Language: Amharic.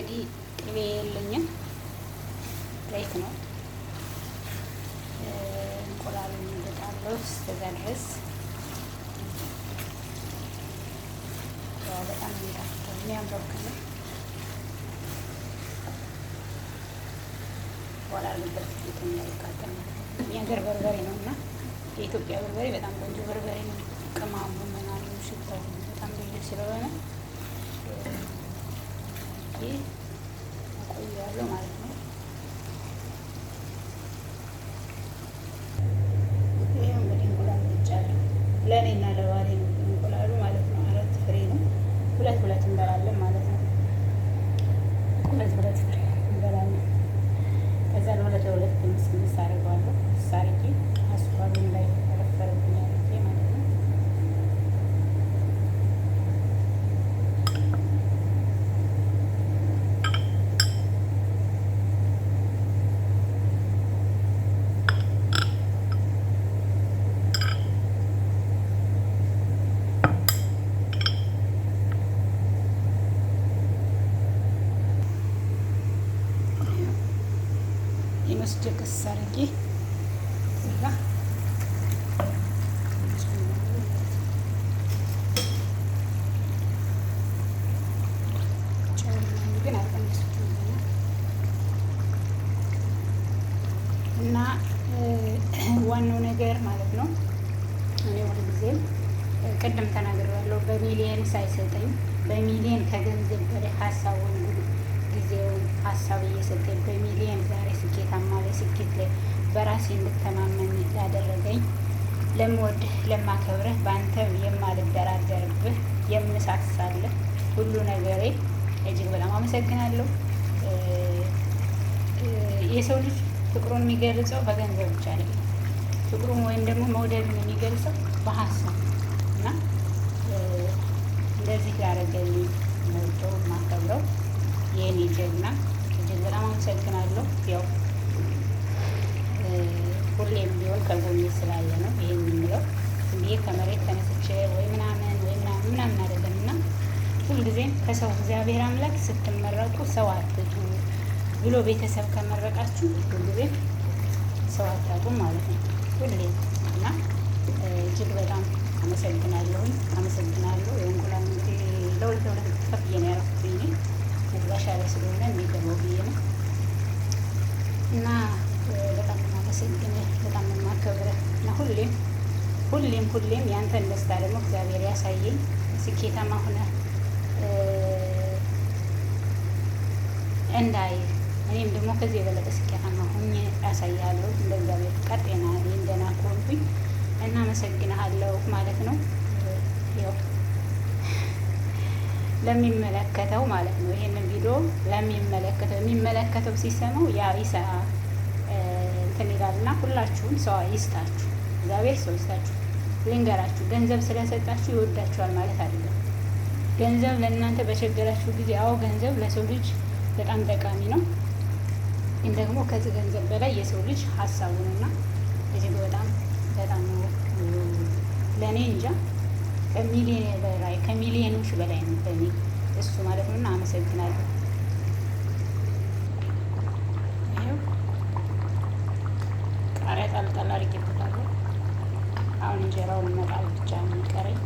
እንግዲህ ቅቤ የለኝም፣ ዘይት ነው። እንቁላል እንገጣለሁ። እስከዛ ድረስ በጣም የሚጣፍጠው የሚያምረው ክምር በኋላ አርግበት ቤተኛ ይቃጠል የሚያገር በርበሬ ነው እና የኢትዮጵያ በርበሬ በጣም ቆንጆ በርበሬ ነው። ቅማሙ ምናሉ ሽታው በጣም ልዩ ስለሆነ አድርጌ አቆየዋለሁ ማለት ነው። ይህ እንግዲህ እንቁላል ብቻለሁ ለእኔና ለባሌ እንቁላሉ ማለት ነው። አራት ፍሬ ነው። ሁለት ሁለት እንበላለን ማለት ነው። ሁለት ሁለት ፍሬ እንበላለን። ከዛ ለሁለት ለሁለት ምስምስ አድርገዋለሁ ሳርጌ የመስደገስ አድርጌ እና እና ዋናው ነገር ማለት ነው እኔ ሁልጊዜም ቅድም ተናግሬያለሁ። በሚሊየን ሳይሰጠኝ በሚሊየን ከገንዘብ በላይ ሀሳቡን ጊዜውን ሀሳብ እየሰጠኝ በራሴ እንድተማመን ላደረገኝ ለምወድህ ለማከብረህ በአንተ የማልደራደርብህ የምሳሳልህ ሁሉ ነገሬ እጅግ በጣም አመሰግናለሁ። የሰው ልጅ ፍቅሩን የሚገልጸው በገንዘብ ብቻ አይደለም። ፍቅሩን ወይም ደግሞ መውደድን የሚገልጸው በሀሳብ እና እንደዚህ ያደረገኝ መውደው ማከብረው የኔ ጀግና እጅግ በጣም አመሰግናለሁ ያው ሁሌም ቢሆን ከጎኔ ስላለ ነው ይሄ የምንለው። ዝም ብዬ ከመሬት ተነስቼ ወይ ምናምን ወይ ምናምን ምናምን አይደለም እና ሁልጊዜም ከሰው እግዚአብሔር አምላክ ስትመረቁ ሰው አትጡ ብሎ ቤተሰብ ከመረቃችሁ ሁልጊዜም ሰው አታጡ ማለት ነው ሁሌ እና እጅግ በጣም አመሰግናለሁኝ አመሰግናለሁ። የእንቁላል እንግዲህ ለሁለት ለሁለት ክፈፍ ነው ያደረኩት ብዬ መግባሻ ላይ ስለሆነ የሚገባው ብዬ ነው እና በጣም አመሰግናለሁ። ያከብረን እና ሁሌም ሁሌም ሁሌም ያንተን ደስታ ደግሞ እግዚአብሔር ያሳየኝ ስኬታማ ሆነ እንዳይ እኔም ደግሞ ከዚህ የበለጠ ስኬታማ ሆኜ ያሳያለሁ እንደ እግዚአብሔር ፍቃድ ጤና እንደና ከሆንኩኝ እና መሰግናለሁ ማለት ነው። ያው ለሚመለከተው ማለት ነው ይሄንን ቪዲዮ ለሚመለከተው የሚመለከተው ሲሰማው ያ ይሰ እንትን ይላል እና ሁላችሁም ሰው ይስጣችሁ፣ እግዚአብሔር ሰው ይስጣችሁ። ልንገራችሁ፣ ገንዘብ ስለሰጣችሁ ይወዳችኋል ማለት አይደለም። ገንዘብ ለእናንተ በቸገራችሁ ጊዜ፣ አዎ ገንዘብ ለሰው ልጅ በጣም ጠቃሚ ነው። ግን ደግሞ ከዚህ ገንዘብ በላይ የሰው ልጅ ሀሳቡንና እጅግ በጣም በጣም ለእኔ እንጃ ከሚሊዮን በላይ ከሚሊዮኖች በላይ ነው ለእኔ እሱ ማለት ነውና አመሰግናለሁ። ጣል ጣል አድርጌበታለሁ። አሁን እንጀራውን መጣል ብቻ ነው የሚቀረኝ።